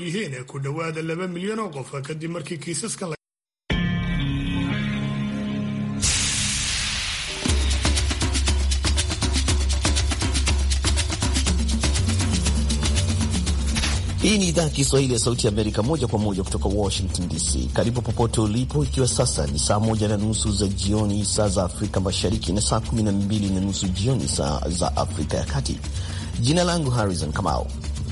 yihiin ee ku dhowaada laba milyan oo kadib markii Hii ni idhaa ya Kiswahili ya Sauti ya Amerika, moja kwa moja kutoka Washington DC. Karibu popote ulipo, ikiwa sasa ni saa moja na nusu za jioni saa za Afrika Mashariki na saa kumi na mbili na nusu jioni saa za Afrika ya Kati. Jina langu Harrison Kamau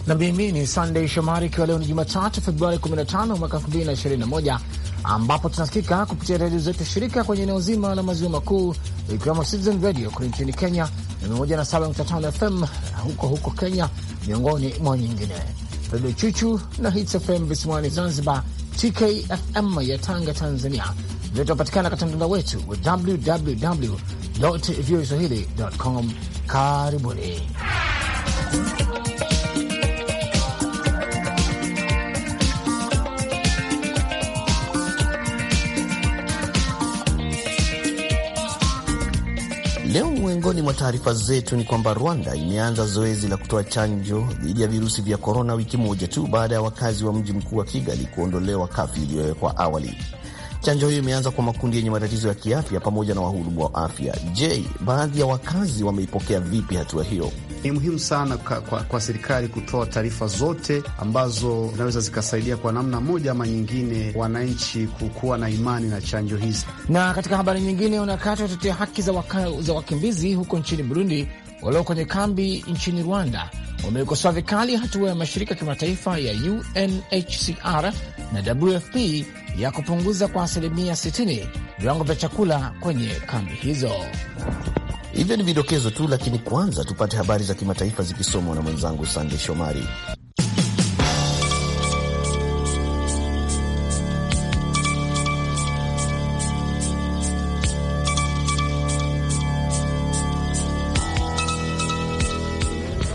na mimi ni sandey Shomari, ikiwa leo ni Jumatatu Februari 15 mwaka 2021, ambapo tunasikika kupitia redio zetu shirika kwenye eneo zima la maziwa makuu ikiwemo Citizen Radio kule nchini Kenya na 107.5 FM huko huko Kenya, miongoni mwa nyingine, redio Chuchu na Hits FM visiwani Zanzibar, TKFM ya Tanga, Tanzania, vinapatikana katika mtandao wetu wa www voaswahili.com. Karibuni. Miongoni mwa taarifa zetu ni kwamba Rwanda imeanza zoezi la kutoa chanjo dhidi ya virusi vya korona wiki moja tu baada ya wakazi wa mji mkuu wa Kigali kuondolewa kafi iliyowekwa awali. Chanjo hiyo imeanza kwa makundi yenye matatizo ya kiafya pamoja na wahudumu wa afya. Je, baadhi ya wakazi wameipokea vipi hatua hiyo? ni muhimu sana kwa, kwa, kwa serikali kutoa taarifa zote ambazo zinaweza zikasaidia kwa namna moja ama nyingine wananchi kukuwa na imani na chanjo hizi. Na katika habari nyingine, wanakati watetea haki za, waka, za wakimbizi huko nchini Burundi walio kwenye kambi nchini Rwanda wamekosoa vikali hatua ya mashirika ya kimataifa ya UNHCR na WFP ya kupunguza kwa asilimia 60 viwango vya chakula kwenye kambi hizo. Hivyo ni vidokezo tu, lakini kwanza tupate habari za kimataifa zikisomwa na mwenzangu Sande Shomari.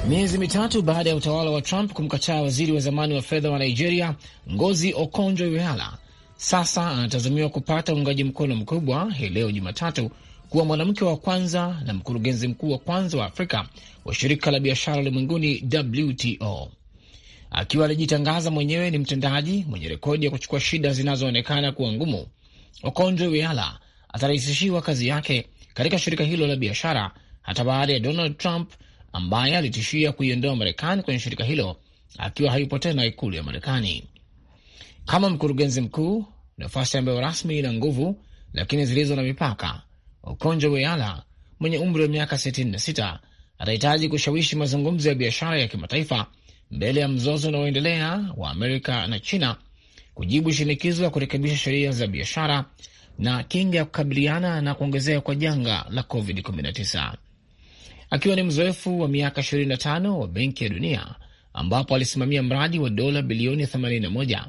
Miezi mitatu baada ya utawala wa Trump kumkataa waziri wa zamani wa fedha wa Nigeria Ngozi Okonjo Iweala, sasa anatazamiwa kupata uungaji mkono mkubwa hii leo Jumatatu kuwa mwanamke wa kwanza na mkurugenzi mkuu wa kwanza wa Afrika wa shirika la biashara ulimwenguni WTO. Akiwa alijitangaza mwenyewe ni mtendaji mwenye rekodi ya kuchukua shida zinazoonekana kuwa ngumu, Okonjo Iweala atarahisishiwa kazi yake katika shirika hilo la biashara hata baada ya Donald Trump ambaye alitishia kuiondoa Marekani kwenye shirika hilo akiwa hayupo tena ikulu ya Marekani. Kama mkurugenzi mkuu, nafasi ambayo rasmi ina nguvu lakini zilizo na mipaka Okonjo Weala mwenye umri wa miaka 66 atahitaji kushawishi mazungumzo ya biashara ya kimataifa mbele ya mzozo unaoendelea wa Amerika na China, kujibu shinikizo la kurekebisha sheria za biashara na kinga ya kukabiliana na kuongezeka kwa janga la COVID-19. Akiwa ni mzoefu wa miaka 25 wa Benki ya Dunia ambapo alisimamia mradi wa dola bilioni 81,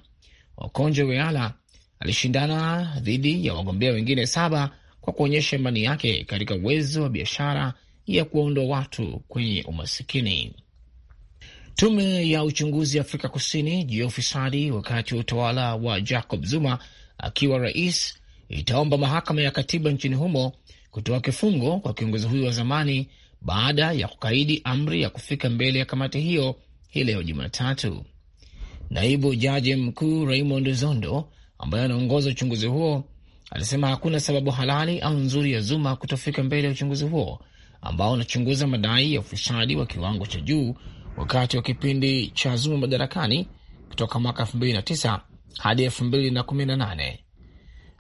Okonjo Weala alishindana dhidi ya wagombea wengine saba kwa kuonyesha imani yake katika uwezo wa biashara ya kuwaondoa watu kwenye umasikini. Tume ya uchunguzi Afrika Kusini juu ya ufisadi wakati wa utawala wa Jacob Zuma akiwa rais itaomba mahakama ya katiba nchini humo kutoa kifungo kwa kiongozi huyo wa zamani baada ya kukaidi amri ya kufika mbele ya kamati hiyo hii leo Jumatatu. Naibu jaji mkuu Raymond Zondo ambaye anaongoza uchunguzi huo alisema hakuna sababu halali au nzuri ya Zuma kutofika mbele ya uchunguzi huo ambao unachunguza madai ya ufisadi wa kiwango cha juu wakati wa kipindi cha Zuma madarakani kutoka mwaka 2009 hadi 2018.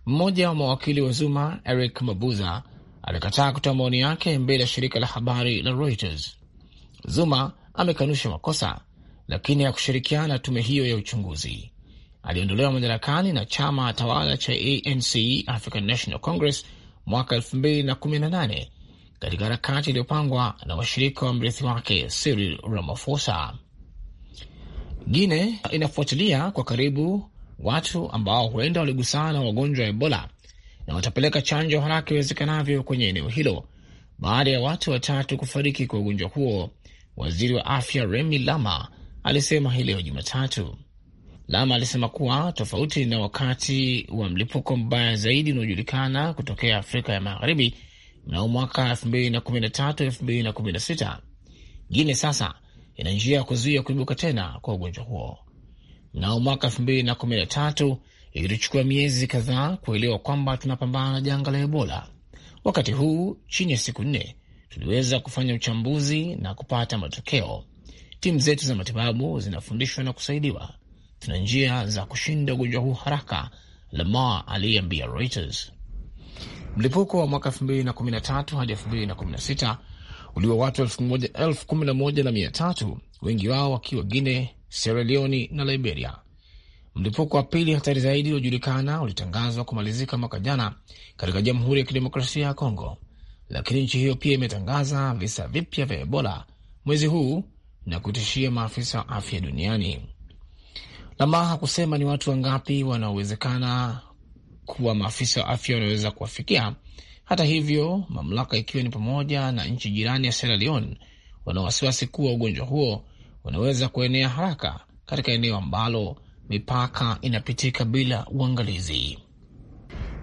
Mmoja wa mawakili wa Zuma, Eric Mabuza, alikataa kutoa maoni yake mbele ya shirika la habari la Reuters. Zuma amekanusha makosa, lakini hakushirikiana na tume hiyo ya uchunguzi aliondolewa madarakani na chama tawala cha ANC African National Congress mwaka 2018 katika harakati iliyopangwa na washirika wa mrithi wake Cyril Ramaphosa. Guine inafuatilia kwa karibu watu ambao huenda waligusana na wagonjwa wa Ebola na watapeleka chanjo haraka iwezekanavyo kwenye eneo hilo baada ya watu watatu kufariki kwa ugonjwa huo, waziri wa afya Remi Lama alisema hii leo Jumatatu. Lama alisema kuwa tofauti na wakati wa mlipuko mbaya zaidi unaojulikana kutokea Afrika ya Magharibi mnamo mwaka 2013-2016, Guine sasa ina njia ya kuzuia kuibuka tena kwa ugonjwa huo. Mnamo mwaka 2013 ilichukua miezi kadhaa kuelewa kwamba tunapambana na janga la Ebola. Wakati huu chini ya siku nne tuliweza kufanya uchambuzi na kupata matokeo. Timu zetu za matibabu zinafundishwa na kusaidiwa tuna njia za kushinda ugonjwa huu haraka, Lamar aliyeambia Reuters. Mlipuko wa mwaka 2013 hadi 2016 uliwa watu 11,300 wengi wao wakiwa guine Sierra Leone na Liberia. Mlipuko wa pili hatari zaidi uliojulikana ulitangazwa kumalizika mwaka jana katika Jamhuri ya Kidemokrasia ya Kongo, lakini nchi hiyo pia imetangaza visa vipya vya Ebola mwezi huu na kutishia maafisa wa afya duniani. Lama hakusema ni watu wangapi wanaowezekana kuwa maafisa wa afya wanaweza kuwafikia. Hata hivyo, mamlaka ikiwa ni pamoja na nchi jirani ya Sierra Leone wana wasiwasi kuwa ugonjwa huo unaweza kuenea haraka katika eneo ambalo mipaka inapitika bila uangalizi.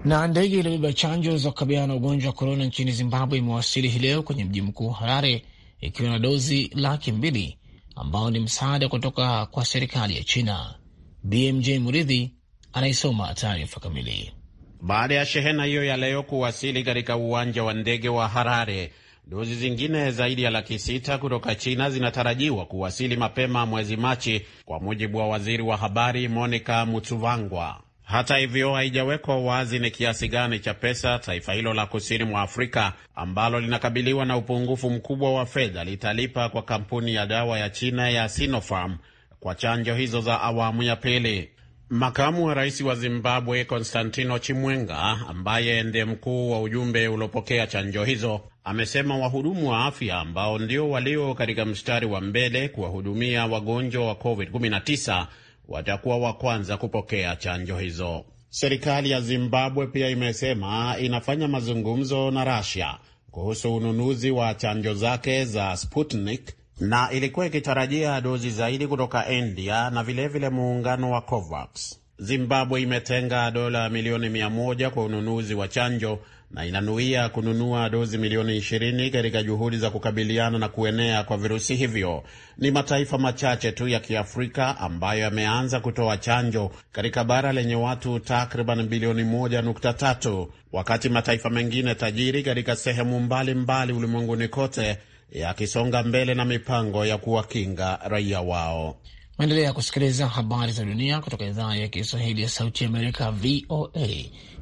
Na ndege iliyobeba chanjo za kukabiliana na ugonjwa wa korona nchini Zimbabwe imewasili hii leo kwenye mji mkuu Harare ikiwa na dozi laki mbili ambao ni msaada kutoka kwa serikali ya China. BMJ Muridhi anaisoma taarifa kamili. Baada ya shehena hiyo ya leo kuwasili katika uwanja wa ndege wa Harare, dozi zingine zaidi ya laki sita kutoka China zinatarajiwa kuwasili mapema mwezi Machi, kwa mujibu wa waziri wa habari Monica Mutsuvangwa. Hata hivyo haijawekwa wazi ni kiasi gani cha pesa taifa hilo la kusini mwa Afrika ambalo linakabiliwa na upungufu mkubwa wa fedha litalipa kwa kampuni ya dawa ya China ya Sinopharm kwa chanjo hizo za awamu ya pili. Makamu wa rais wa Zimbabwe Konstantino Chimwenga, ambaye ndiye mkuu wa ujumbe uliopokea chanjo hizo, amesema wahudumu wa afya ambao ndio walio katika mstari wa mbele kuwahudumia wagonjwa wa COVID-19 watakuwa wa kwanza kupokea chanjo hizo. Serikali ya Zimbabwe pia imesema inafanya mazungumzo na Russia kuhusu ununuzi wa chanjo zake za Sputnik na ilikuwa ikitarajia dozi zaidi kutoka India na vilevile muungano wa COVAX. Zimbabwe imetenga dola milioni mia moja kwa ununuzi wa chanjo na inanuia kununua dozi milioni 20 katika juhudi za kukabiliana na kuenea kwa virusi hivyo. Ni mataifa machache tu ya Kiafrika ambayo yameanza kutoa chanjo katika bara lenye watu takriban bilioni 1.3 wakati mataifa mengine tajiri katika sehemu mbalimbali ulimwenguni kote yakisonga mbele na mipango ya kuwakinga raia wao. Maendelea kusikiliza habari za dunia kutoka idhaa ya Kiswahili ya Sauti Amerika, VOA,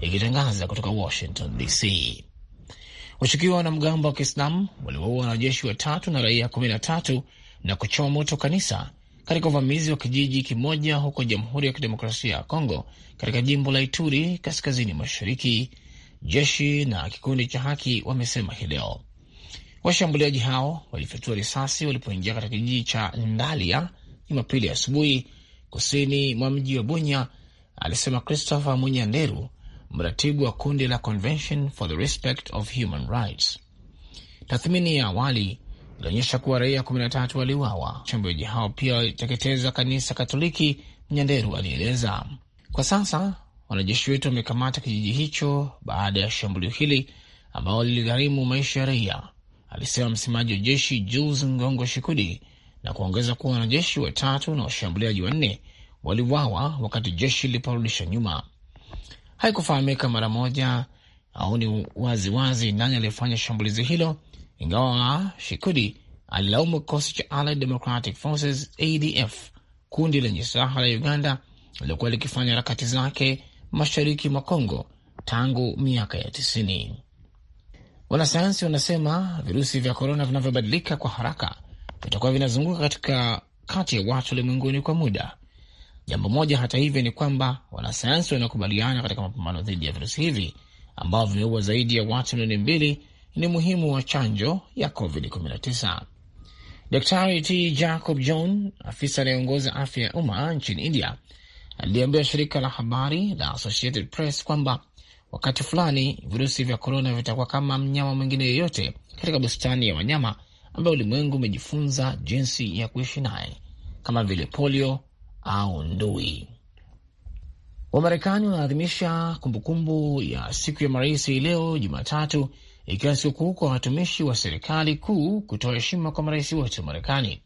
ikitangaza kutoka Washington DC. Washukiwa wanamgambo wa Kiislamu waliwaua wanajeshi watatu na raia kumi na tatu na kuchoma moto kanisa katika uvamizi wa kijiji kimoja huko Jamhuri ya Kidemokrasia ya Kongo, katika jimbo la Ituri, kaskazini mashariki. Jeshi na kikundi cha haki wamesema hii leo Washambuliaji hao walifyatua risasi walipoingia katika kijiji cha Ndalia Jumapili asubuhi kusini mwa mji wa Bunya, alisema Christopher Munyanderu, mratibu wa kundi la Convention for the Respect of Human Rights. Tathmini ya awali ilionyesha kuwa raia 13 waliuawa. Washambuliaji hao pia waliteketeza kanisa Katoliki, Mnyanderu alieleza. Kwa sasa wanajeshi wetu wamekamata kijiji hicho baada ya shambulio hili ambalo liligharimu maisha ya raia alisema msemaji wa jeshi Jules Ngongo Shikudi, na kuongeza kuwa wanajeshi watatu na washambuliaji wanne waliwawa wakati jeshi liliporudisha nyuma. Haikufahamika mara moja au ni waziwazi nani aliyefanya shambulizi hilo, ingawa Shikudi alilaumu kikosi cha Allied Democratic Forces ADF, kundi lenye silaha la Uganda lilokuwa likifanya harakati zake mashariki mwa Kongo tangu miaka ya tisini. Wanasayansi wanasema virusi vya korona vinavyobadilika kwa haraka vitakuwa vinazunguka katika kati ya watu ulimwenguni kwa muda. Jambo moja hata hivyo ni kwamba wanasayansi wanaokubaliana katika mapambano dhidi ya virusi hivi ambao vimeua zaidi ya watu milioni mbili ni muhimu wa chanjo ya COVID-19. Daktari T Jacob John, afisa anayeongoza afya ya umma nchini India, aliambia shirika la habari la Associated Press kwamba Wakati fulani virusi vya korona vitakuwa kama mnyama mwingine yeyote katika bustani ya wanyama ambayo ulimwengu umejifunza jinsi ya kuishi naye, kama vile polio au ndui. Wamarekani wanaadhimisha kumbukumbu ya siku ya marais hii leo Jumatatu, ikiwa sikukuu kwa watumishi wa serikali kuu kutoa heshima kwa marais wote wa Marekani.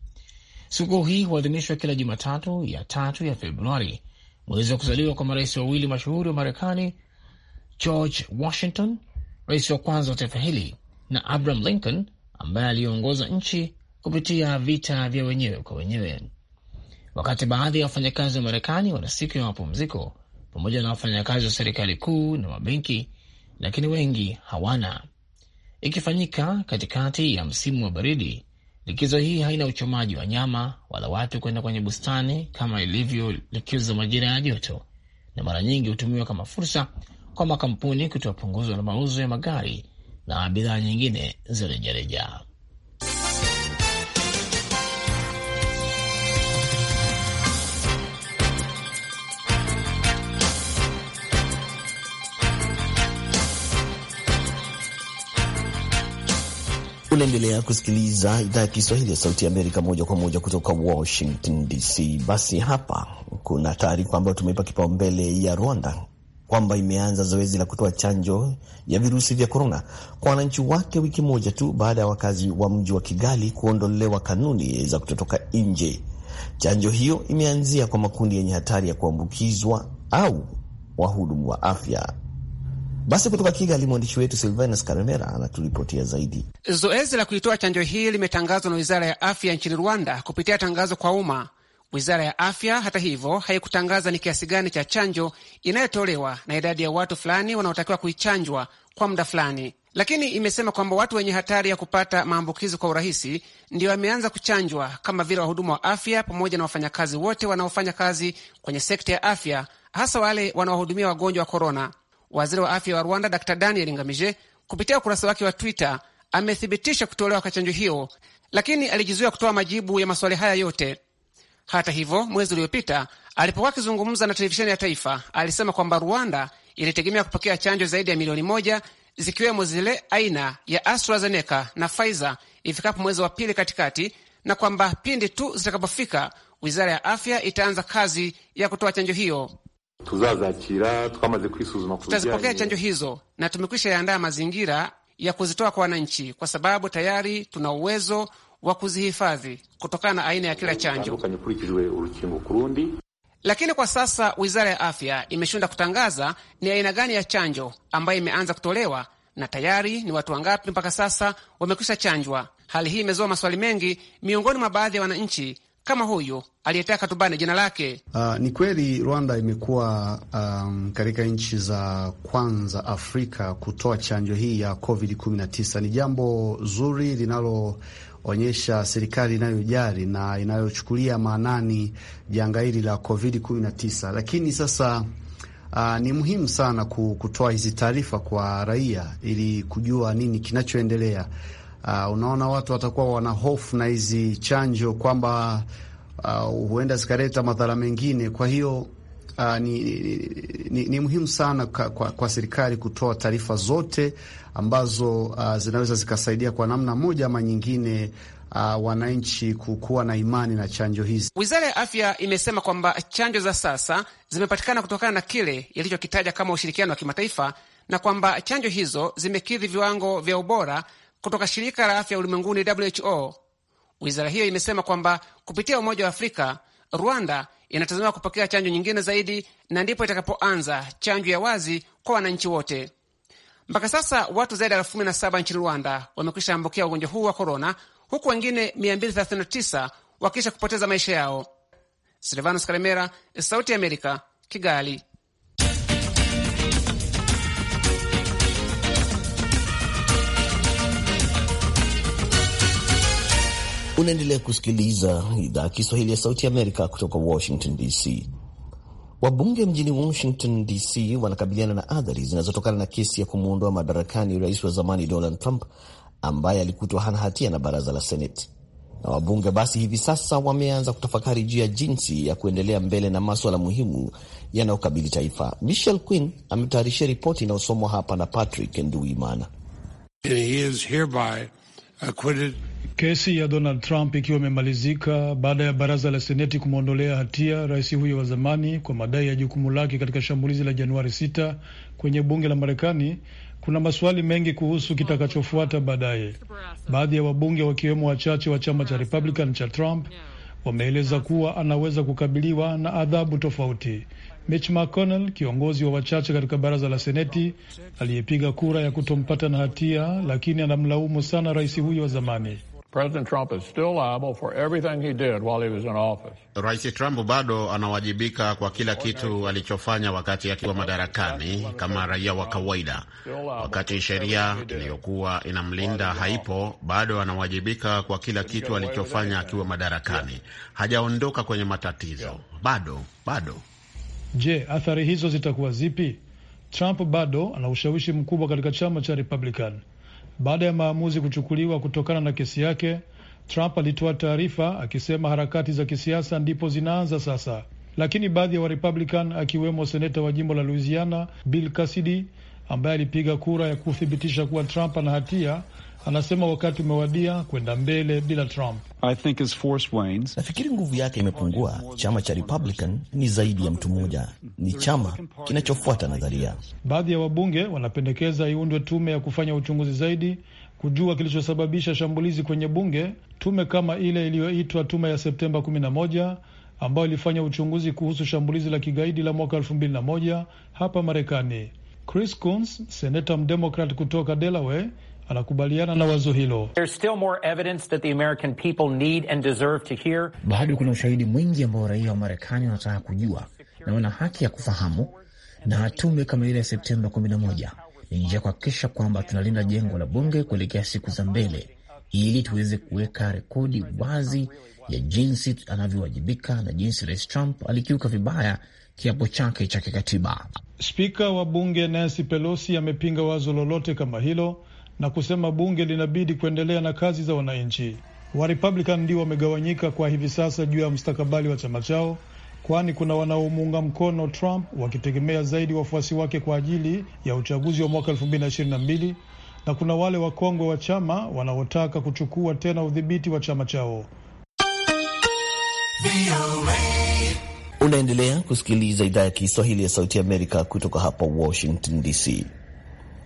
Sikukuu hii huadhimishwa kila Jumatatu ya tatu ya Februari, mwezi wa kuzaliwa kwa marais wawili mashuhuri wa Marekani George Washington, rais wa kwanza wa taifa hili, na Abraham Lincoln ambaye aliongoza nchi kupitia vita vya wenyewe kwa wenyewe. Wakati baadhi ya wafanyakazi wa Marekani wana siku ya mapumziko pamoja na wafanyakazi wa serikali kuu na mabenki, lakini wengi hawana. Ikifanyika katikati ya msimu wa baridi, likizo hii haina uchomaji wa nyama wala watu kwenda kwenye bustani kama ilivyo likizo za majira ya joto, na mara nyingi hutumiwa kama fursa kwa makampuni kutoa punguzo la mauzo ya magari na bidhaa nyingine za rejareja. Unaendelea kusikiliza idhaa ya Kiswahili ya Sauti ya Amerika moja kwa moja kutoka Washington DC. Basi hapa kuna taarifa ambayo tumeipa kipaumbele ya Rwanda kwamba imeanza zoezi la kutoa chanjo ya virusi vya korona kwa wananchi wake wiki moja tu baada ya wakazi wa mji wa Kigali kuondolewa kanuni za kutotoka nje. Chanjo hiyo imeanzia kwa makundi yenye hatari ya kuambukizwa au wahudumu wa afya. Basi kutoka Kigali, mwandishi wetu Silvanus Karemera anaturipotia zaidi. Zoezi la kuitoa chanjo hii limetangazwa na wizara ya afya nchini Rwanda kupitia tangazo kwa umma Wizara ya afya, hata hivyo, haikutangaza ni kiasi gani cha chanjo inayotolewa na idadi ya watu fulani wanaotakiwa kuichanjwa kwa muda fulani, lakini imesema kwamba watu wenye hatari ya kupata maambukizi kwa urahisi ndio wameanza kuchanjwa kama vile wahudumu wa afya pamoja na wafanyakazi wote wanaofanya kazi kwenye sekta ya afya, hasa wale wanaohudumia wagonjwa wa korona. Waziri wa afya wa Rwanda Dr Daniel Ngamije kupitia ukurasa wake wa Twitter amethibitisha kutolewa kwa chanjo hiyo, lakini alijizuia kutoa majibu ya maswali haya yote. Hata hivyo, mwezi uliopita alipokuwa akizungumza na televisheni ya taifa, alisema kwamba Rwanda ilitegemea kupokea chanjo zaidi ya milioni moja zikiwemo zile aina ya AstraZeneca na Pfizer ifikapo mwezi wa pili katikati, na kwamba pindi tu zitakapofika wizara ya afya itaanza kazi ya kutoa chanjo hiyo. Tutazipokea chanjo hizo na tumekwisha yaandaa mazingira ya kuzitoa kwa wananchi, kwa sababu tayari tuna uwezo wa kuzihifadhi kutokana na aina ya kila chanjo. Lakini kwa sasa wizara ya afya imeshinda kutangaza ni aina gani ya chanjo ambayo imeanza kutolewa na tayari ni watu wangapi mpaka sasa wamekwisha chanjwa. Hali hii imezoa maswali mengi miongoni mwa baadhi ya wananchi kama huyu aliyetaka tubane jina lake. Uh, ni kweli Rwanda imekuwa um, katika nchi za kwanza Afrika kutoa chanjo hii ya COVID-19. Ni jambo zuri linalo onyesha serikali inayojali na inayochukulia maanani janga hili la Covid 19. Lakini sasa uh, ni muhimu sana kutoa hizi taarifa kwa raia ili kujua nini kinachoendelea. Uh, unaona watu watakuwa wana hofu na hizi chanjo kwamba uh, huenda zikaleta madhara mengine, kwa hiyo uh, ni, ni, ni muhimu sana kwa, kwa, kwa serikali kutoa taarifa zote ambazo uh, zinaweza zikasaidia kwa namna moja ama nyingine Uh, wananchi kukuwa na imani na chanjo hizi. Wizara ya Afya imesema kwamba chanjo za sasa zimepatikana kutokana na kile ilichokitaja kama ushirikiano wa kimataifa na kwamba chanjo hizo zimekidhi viwango vya ubora kutoka shirika la afya ulimwenguni WHO. Wizara hiyo imesema kwamba kupitia Umoja wa Afrika Rwanda inatazamiwa kupokea chanjo nyingine zaidi na ndipo itakapoanza chanjo ya wazi kwa wananchi wote. Mpaka sasa watu zaidi ya elfu kumi na saba nchini Rwanda wamekwisha ambukia ugonjwa huu wa korona, huku wengine 239 wakisha kupoteza maisha yao. Silvanus Karemera, Sauti ya Amerika, Kigali. Unaendelea kusikiliza idhaa ya Kiswahili ya Sauti Amerika kutoka Washington DC. Wabunge mjini Washington DC wanakabiliana na athari zinazotokana na kesi ya kumwondoa madarakani rais wa zamani Donald Trump ambaye alikutwa hana hatia na baraza la Senate na wabunge basi hivi sasa wameanza kutafakari juu ya jinsi ya kuendelea mbele na maswala muhimu yanayokabili taifa. Michel Quinn ametayarishia ripoti inayosomwa hapa na Patrick Nduimana. Kesi ya Donald Trump ikiwa imemalizika baada ya baraza la seneti kumwondolea hatia rais huyo wa zamani kwa madai ya jukumu lake katika shambulizi la Januari 6 kwenye bunge la Marekani, kuna maswali mengi kuhusu kitakachofuata baadaye. Baadhi ya wabunge wakiwemo wachache wa chama cha Republican cha Trump wameeleza kuwa anaweza kukabiliwa na adhabu tofauti. Mitch McConnell, kiongozi wa wachache katika baraza la seneti aliyepiga kura ya kutompata na hatia, lakini anamlaumu sana rais huyo wa zamani. President Trump is still liable for everything he did while he was in office. Rais Trump bado anawajibika kwa kila kitu alichofanya wakati akiwa madarakani kama raia wa kawaida. Wakati sheria iliyokuwa inamlinda haipo, bado anawajibika kwa kila kitu alichofanya akiwa madarakani. Hajaondoka kwenye matatizo bado, bado. Je, athari hizo zitakuwa zipi? Trump bado ana ushawishi mkubwa katika chama cha Republican baada ya maamuzi kuchukuliwa kutokana na kesi yake. Trump alitoa taarifa akisema harakati za kisiasa ndipo zinaanza sasa, lakini baadhi ya Warepublican akiwemo seneta wa jimbo la Louisiana Bill Cassidy ambaye alipiga kura ya kuthibitisha kuwa Trump ana hatia Anasema wakati umewadia kwenda mbele bila Trump. Nafikiri nguvu yake imepungua. Chama cha Republican ni zaidi ya mtu mmoja, ni chama kinachofuata nadharia. Baadhi ya wabunge wanapendekeza iundwe tume ya kufanya uchunguzi zaidi kujua kilichosababisha shambulizi kwenye bunge, tume kama ile iliyoitwa tume ya Septemba 11 ambayo ilifanya uchunguzi kuhusu shambulizi la kigaidi la mwaka 2001 hapa Marekani. Chris Coons, seneta mdemokrat kutoka Delaware anakubaliana na wazo hilo. Bado kuna ushahidi mwingi ambao raia wa Marekani wanataka kujua na wana haki ya kufahamu, na tume kama ile ya Septemba 11 ni njia ya kuhakikisha kwamba tunalinda jengo la bunge kuelekea siku za mbele, ili tuweze kuweka rekodi wazi ya jinsi anavyowajibika na jinsi Rais Trump alikiuka vibaya kiapo chake cha kikatiba. Spika wa bunge Nancy Pelosi amepinga wazo lolote kama hilo na kusema bunge linabidi kuendelea na kazi za wananchi. Warepublican ndio wamegawanyika kwa hivi sasa juu ya mstakabali wa chama chao, kwani kuna wanaomuunga mkono Trump wakitegemea zaidi wafuasi wake kwa ajili ya uchaguzi wa mwaka 2022 na kuna wale wakongwe wa chama wanaotaka kuchukua tena udhibiti wa chama chao. Unaendelea kusikiliza idhaa ya Kiswahili ya Sauti ya Amerika kutoka hapa Washington DC.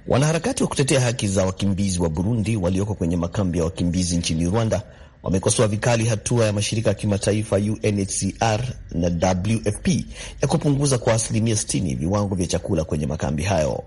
Wanaharakati wa kutetea haki za wakimbizi wa Burundi walioko kwenye makambi ya wakimbizi nchini Rwanda wamekosoa vikali hatua ya mashirika ya kimataifa UNHCR na WFP ya kupunguza kwa asilimia 60 viwango vya chakula kwenye makambi hayo.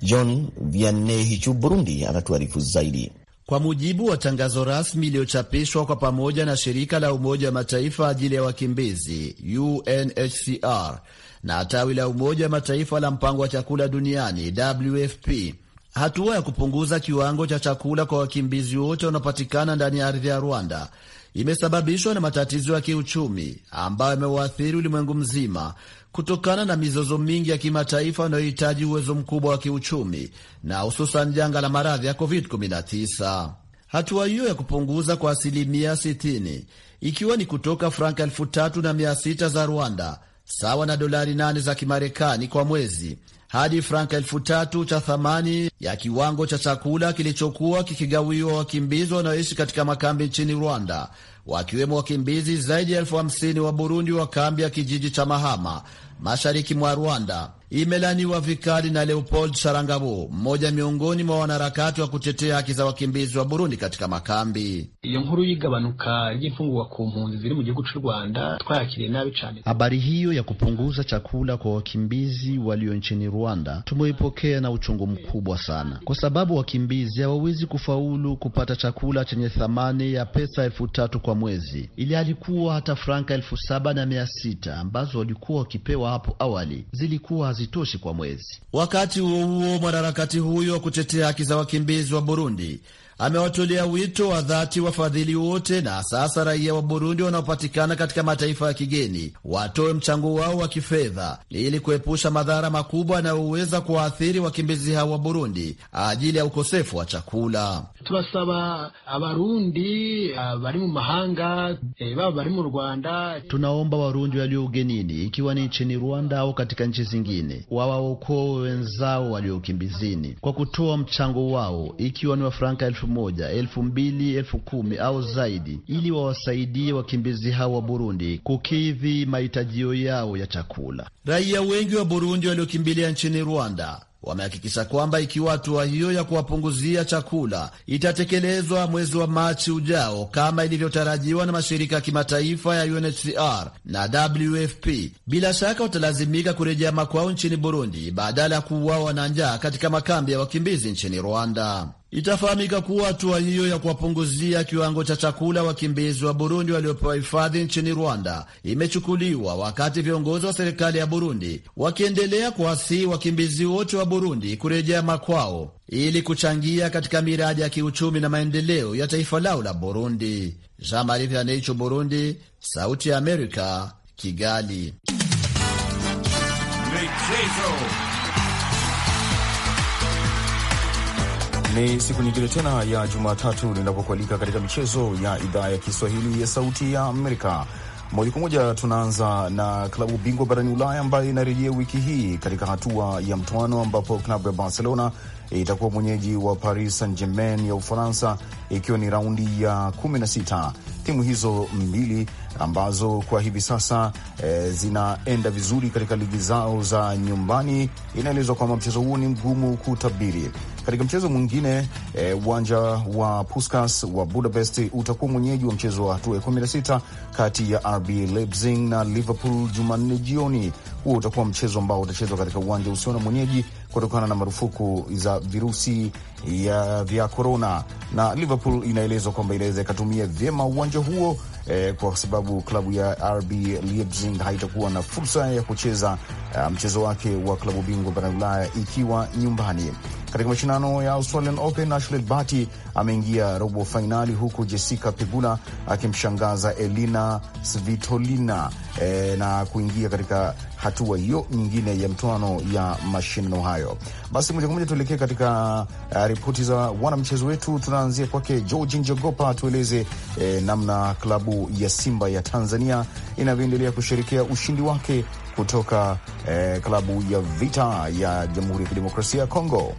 John Vianney Hichu, Burundi, anatuarifu zaidi. Kwa mujibu wa tangazo rasmi iliyochapishwa kwa pamoja na shirika la Umoja wa Mataifa ajili ya wakimbizi UNHCR na tawi la Umoja wa Mataifa la mpango wa chakula duniani WFP. Hatua ya kupunguza kiwango cha chakula kwa wakimbizi wote wanaopatikana ndani ya ardhi ya Rwanda imesababishwa na matatizo ya kiuchumi ambayo yamewaathiri ulimwengu mzima kutokana na mizozo mingi ya kimataifa inayohitaji uwezo mkubwa wa kiuchumi na hususan janga la maradhi ya COVID-19. Hatua hiyo ya kupunguza kwa asilimia 60 ikiwa ni kutoka franka elfu tatu na mia sita za Rwanda sawa na dolari nane za Kimarekani kwa mwezi hadi franka elfu tatu cha thamani ya kiwango cha chakula kilichokuwa kikigawiwa wakimbizi wanaoishi katika makambi nchini Rwanda, wakiwemo wakimbizi zaidi ya elfu hamsini wa Burundi wa kambi ya kijiji cha Mahama mashariki mwa Rwanda imelaniwa vikali na Leopold Sarangabo, mmoja miongoni mwa wanaharakati wa kutetea haki za wakimbizi wa Burundi katika makambi. Iyo nkuru y'igabanuka ry'imfungurwa ku mpunzi ziri mu gihugu c'u Rwanda twayakiriye nabi cane. Habari hiyo ya kupunguza chakula kwa wakimbizi walio nchini Rwanda tumeipokea na uchungu mkubwa sana, kwa sababu wakimbizi hawawezi kufaulu kupata chakula chenye thamani ya pesa elfu tatu kwa mwezi, ili alikuwa hata franka elfu saba na mia sita ambazo walikuwa wakipewa hapo awali zilikuwa hazitoshi kwa mwezi. Wakati huo huo, mwanaharakati huyo wa kutetea haki za wakimbizi wa Burundi amewatolea wito wa dhati wafadhili wote na sasa raia wa Burundi wanaopatikana katika mataifa ya kigeni watoe mchango wao wa kifedha ili kuepusha madhara makubwa yanayoweza kuwaathiri wakimbizi hao wa Burundi ajili ya ukosefu wa chakula. Turasaba abarundi ah, bari mu mahanga eh, baba bari mu Rwanda, tunaomba warundi walio ugenini, ikiwa ni nchini Rwanda au katika nchi zingine, wawaokoe wenzao waliokimbizini kwa kutoa mchango wao, ikiwa ni wafranka elfu elfu moja, elfu mbili, elfu kumi au zaidi, ili wawasaidie wakimbizi hao wa Burundi kukidhi mahitajio yao ya chakula. Raia wengi wa Burundi waliokimbilia nchini Rwanda wamehakikisha kwamba ikiwa hatua hiyo ya kuwapunguzia chakula itatekelezwa mwezi wa Machi ujao kama ilivyotarajiwa na mashirika ya kimataifa ya UNHCR na WFP, bila shaka watalazimika kurejea makwao nchini Burundi badala ya kuuawa na njaa katika makambi ya wakimbizi nchini Rwanda. Itafahamika kuwa hatua hiyo ya kuwapunguzia kiwango cha chakula wakimbizi wa Burundi waliopewa hifadhi nchini Rwanda imechukuliwa wakati viongozi wa serikali ya Burundi wakiendelea kuwasihi wakimbizi wote wa Burundi kurejea makwao ili kuchangia katika miradi ya kiuchumi na maendeleo ya taifa lao la Burundi. Burundi. Sauti ya Amerika, Kigali. Ni siku nyingine tena ya Jumatatu ninapokualika katika michezo ya idhaa ya Kiswahili ya Sauti ya Amerika. Moja kwa moja tunaanza na klabu bingwa barani Ulaya ambayo inarejea wiki hii katika hatua ya mtoano ambapo klabu ya Barcelona itakuwa mwenyeji wa Paris Saint Germain ya Ufaransa, ikiwa ni raundi ya kumi na sita timu hizo mbili ambazo kwa hivi sasa e, zinaenda vizuri katika ligi zao za nyumbani. Inaelezwa kwamba mchezo huo ni mgumu kutabiri. Katika mchezo mwingine eh, uwanja e, wa Puskas wa Budapest utakuwa mwenyeji wa mchezo wa hatua ya 16 kati ya RB Leipzig na Liverpool Jumanne jioni. Huo utakuwa mchezo ambao utachezwa katika uwanja usio na mwenyeji kutokana na marufuku za virusi ya vya korona na Liverpool inaelezwa kwamba inaweza ikatumia vyema uwanja huo eh, kwa sababu klabu ya RB Leipzig haitakuwa na fursa ya kucheza uh, mchezo wake wa klabu bingwa barani Ulaya ikiwa nyumbani. Katika mashindano ya Australian Open, Ashleigh Barty ameingia robo fainali huku Jessica Pegula akimshangaza Elina Svitolina e, na kuingia katika hatua hiyo nyingine ya mtoano ya mashindano hayo. Basi moja kwa moja tuelekee katika uh, ripoti za wanamchezo wetu. Tunaanzia kwake Georgi Njogopa, tueleze eh, namna klabu ya Simba ya Tanzania inavyoendelea kusherekea ushindi wake kutoka eh, klabu ya Vita ya Jamhuri ya Kidemokrasia ya Kongo.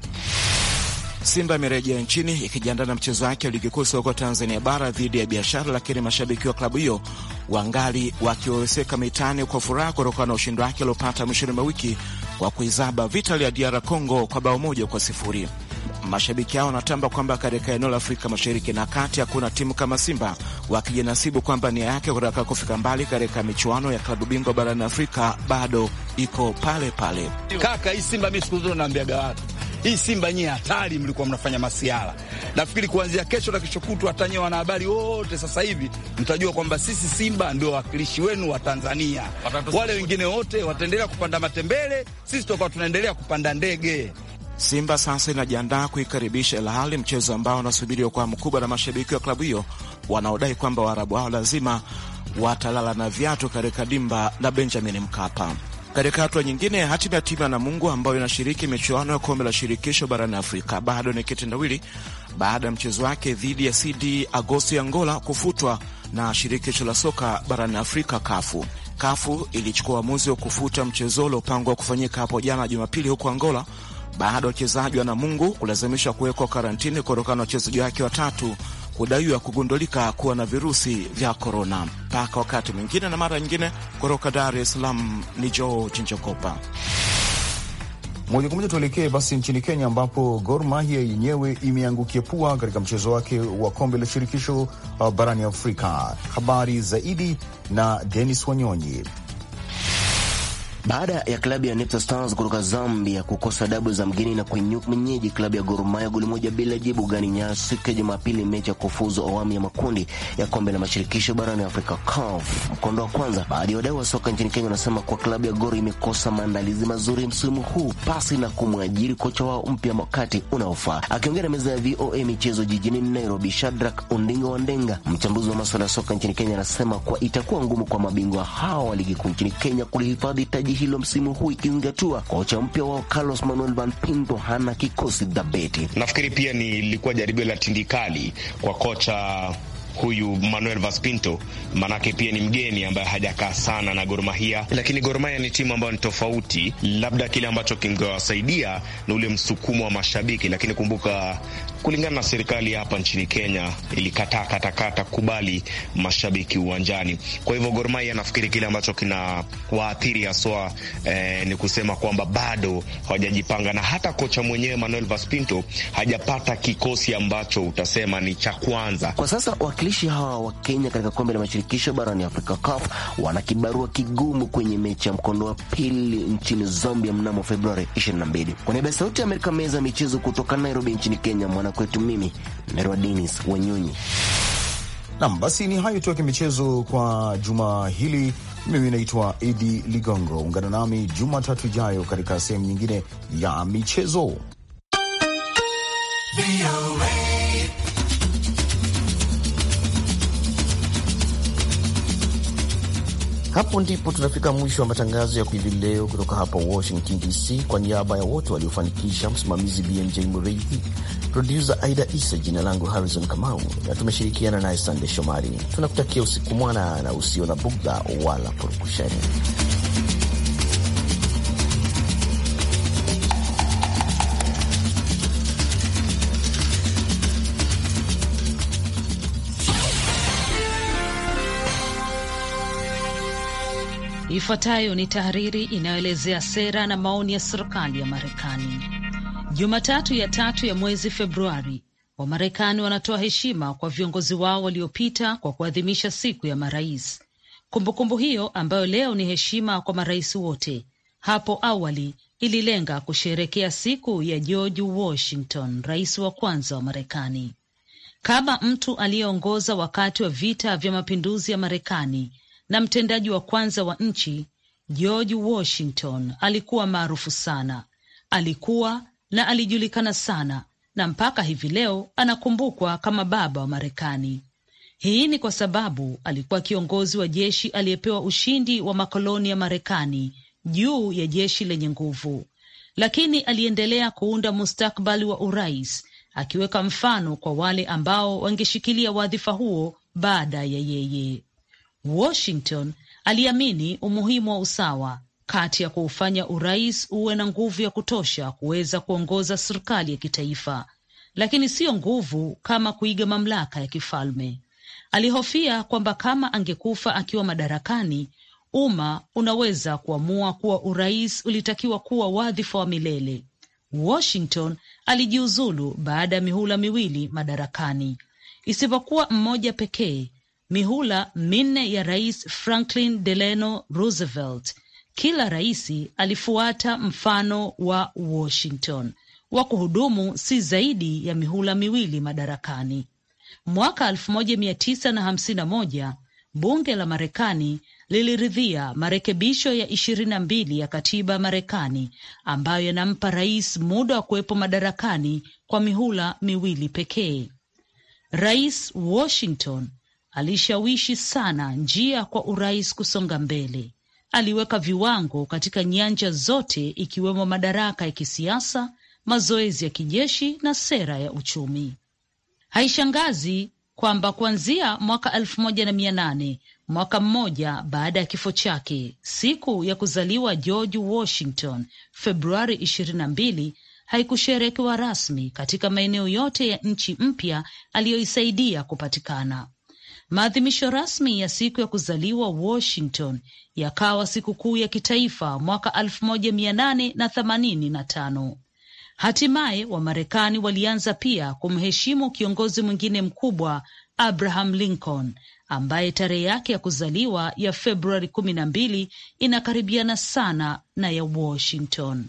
Simba imerejea nchini ikijiandaa na mchezo wake wa ligi kuu soko Tanzania bara dhidi ya Biashara, lakini mashabiki wa klabu hiyo wangali wakiweseka mitaani kwa furaha kutokana na ushindi wake aliopata mwishoni mwa wiki kwa kuizaba vita ya DR Congo kwa bao moja kwa sifuri. Mashabiki hao wanatamba kwamba katika eneo la Afrika Mashariki na Kati hakuna timu kama Simba, wakijinasibu kwamba nia yake kutaka kufika mbali katika michuano ya klabu bingwa barani Afrika bado iko pale pale. Kaka, hii Simba mi siku zote naambiaga watu hii Simba nyie hatari, mlikuwa mnafanya masiara. Nafikiri kuanzia kesho na kesho kutwa, hata nyie wanahabari wote sasa hivi mtajua kwamba sisi Simba ndio wawakilishi wenu wa Tanzania. Wale wengine wote wataendelea kupanda matembele, sisi tutakuwa tunaendelea kupanda ndege. Simba sasa inajiandaa kuikaribisha Al Ahly, mchezo ambao unasubiriwa kwa mkubwa na mashabiki wa klabu hiyo wanaodai kwamba Waarabu hao lazima watalala na viatu katika dimba la Benjamin Mkapa. Katika hatua nyingine, hatima ya timu ya Namungo ambayo inashiriki michuano ya kombe la shirikisho barani Afrika bado ni kitendawili baada ya mchezo wake dhidi ya CD ya Angola kufutwa na shirikisho la soka barani Afrika kafu kafu ilichukua uamuzi wa kufuta mchezo uliopangwa kufanyika hapo jana Jumapili huko Angola baada ya wachezaji wa Namungo kulazimishwa kuwekwa karantini kutokana na wachezaji wake watatu kudaiwa kugundulika kuwa na virusi vya korona. Mpaka wakati mwingine na mara nyingine, kutoka Dar es Salaam ni George njokopa Moja kwa moja tuelekee basi nchini Kenya, ambapo Gor Mahia yenyewe imeangukia pua katika mchezo wake wa kombe la shirikisho uh, barani Afrika. Habari zaidi na Denis Wanyonyi baada ya klabu ya Nepta Stars kutoka Zambia kukosa dabu za mgeni na kuinyuka mwenyeji klabu ya Gor Mahia goli moja bila jibu ganinya siku ya Jumapili, mechi ya kufuzu awamu ya makundi ya kombe la mashirikisho barani Afrika CAF mkondo wa kwanza. Baadhi ya wadau wa soka nchini Kenya wanasema kuwa klabu ya Gor imekosa maandalizi mazuri msimu huu pasi na kumwajiri kocha wao mpya wakati unaofaa. Akiongea na meza ya VOA michezo jijini Nairobi, Shadrack Ondinga Wandenga, mchambuzi wa maswala ya soka nchini Kenya, anasema kuwa itakuwa ngumu kwa mabingwa hao wa ligi kuu nchini Kenya kulihifadhi taji ligi hilo msimu huu ikizingatiwa kocha mpya wao Carlos Manuel Banpindo hana kikosi dhabiti. Nafikiri pia ni ilikuwa jaribio la tindikali kwa kocha huyu Manuel Vaspinto, manake pia ni mgeni ambaye hajakaa sana na Gor Mahia, lakini Gor Mahia ni timu ambayo ni tofauti. Labda kile ambacho kingewasaidia ni ule msukumo wa mashabiki, lakini kumbuka kulingana na serikali hapa nchini Kenya ilikataa katakata kubali mashabiki uwanjani. Kwa hivyo Gor Mahia kile ambacho kina waathiri haswa eh, ni kusema kwamba bado hawajajipanga na hata kocha mwenyewe Manuel Vaspinto hajapata kikosi ambacho utasema ni cha kwanza kwa sasa. wakilishi hawa wa Kenya katika kombe la mashirikisho barani Afrika CAF wana kibarua kigumu kwenye mechi ya mkondo wa pili nchini Zambia mnamo Februari 22. Kwa niaba ya Sauti ya Amerika, meza ya michezo kutoka Nairobi nchini Kenya, mwana kwetu. Mimi naitwa Denis Wanyonyi. Nam, basi ni hayo tu ya kimichezo kwa juma hili. Mimi naitwa Idi Ligongo. Ungana nami Jumatatu ijayo katika sehemu nyingine ya michezo. Hapo ndipo tunafika mwisho wa matangazo ya hivi leo kutoka hapa Washington DC. Kwa niaba ya wote waliofanikisha, msimamizi BMJ Murithi, produsa Aida Isa, jina langu Harrison Kamau na tumeshirikiana naye Sande Shomari. Tunakutakia usiku mwana na usio na bugdha wala purukushani. Ifuatayo ni tahariri inayoelezea sera na maoni ya serikali ya Marekani. Jumatatu ya tatu ya mwezi Februari, Wamarekani wanatoa heshima kwa viongozi wao waliopita kwa kuadhimisha siku ya marais. Kumbukumbu hiyo ambayo leo ni heshima kwa marais wote, hapo awali ililenga kusherekea siku ya George Washington, rais wa kwanza wa Marekani. Kama mtu aliyeongoza wakati wa vita vya mapinduzi ya Marekani, na mtendaji wa kwanza wa nchi George Washington alikuwa maarufu sana, alikuwa na alijulikana sana, na mpaka hivi leo anakumbukwa kama baba wa Marekani. Hii ni kwa sababu alikuwa kiongozi wa jeshi aliyepewa ushindi wa makoloni ya Marekani juu ya jeshi lenye nguvu, lakini aliendelea kuunda mustakbali wa urais, akiweka mfano kwa wale ambao wangeshikilia wadhifa huo baada ya yeye. Washington aliamini umuhimu wa usawa kati ya kuufanya urais uwe na nguvu ya kutosha kuweza kuongoza serikali ya kitaifa, lakini siyo nguvu kama kuiga mamlaka ya kifalme. Alihofia kwamba kama angekufa akiwa madarakani, umma unaweza kuamua kuwa urais ulitakiwa kuwa wadhifa wa milele. Washington alijiuzulu baada ya mihula miwili madarakani, isipokuwa mmoja pekee mihula minne ya Rais Franklin Delano Roosevelt. Kila raisi alifuata mfano wa Washington wa kuhudumu si zaidi ya mihula miwili madarakani. Mwaka 1951 bunge la Marekani liliridhia marekebisho ya ishirini na mbili ya katiba ya Marekani ambayo yanampa rais muda wa kuwepo madarakani kwa mihula miwili pekee. Rais Washington alishawishi sana njia kwa urais kusonga mbele. Aliweka viwango katika nyanja zote, ikiwemo madaraka ya kisiasa, mazoezi ya kijeshi na sera ya uchumi. Haishangazi kwamba kuanzia mwaka elfu moja na mia nane mwaka mmoja baada ya kifo chake, siku ya kuzaliwa George Washington, Februari 22, haikusherekewa rasmi katika maeneo yote ya nchi mpya aliyoisaidia kupatikana. Maadhimisho rasmi ya siku ya kuzaliwa Washington yakawa sikukuu ya kitaifa mwaka 1885. moja mia nane na themanini na tano. Hatimaye Wamarekani walianza pia kumheshimu kiongozi mwingine mkubwa Abraham Lincoln ambaye tarehe yake ya kuzaliwa ya Februari kumi na mbili inakaribiana sana na ya Washington.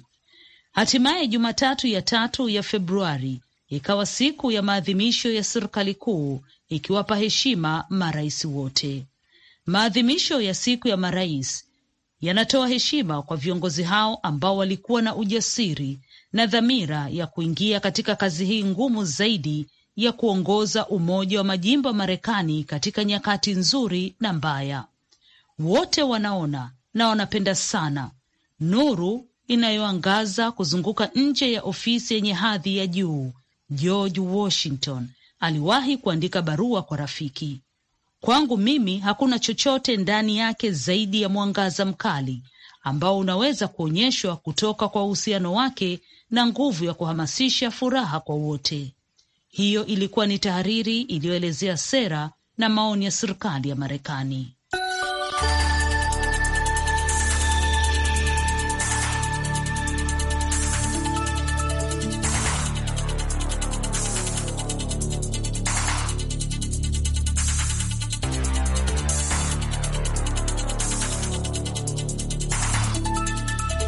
Hatimaye Jumatatu ya tatu ya Februari ikawa siku ya maadhimisho ya serikali kuu ikiwapa heshima marais wote. Maadhimisho ya siku ya marais yanatoa heshima kwa viongozi hao ambao walikuwa na ujasiri na dhamira ya kuingia katika kazi hii ngumu zaidi ya kuongoza umoja wa majimbo ya Marekani katika nyakati nzuri na mbaya. Wote wanaona na wanapenda sana nuru inayoangaza kuzunguka nje ya ofisi yenye hadhi ya juu George Washington aliwahi kuandika barua kwa rafiki, kwangu mimi hakuna chochote ndani yake zaidi ya mwangaza mkali ambao unaweza kuonyeshwa kutoka kwa uhusiano wake na nguvu ya kuhamasisha furaha kwa wote. Hiyo ilikuwa ni tahariri iliyoelezea sera na maoni ya serikali ya Marekani.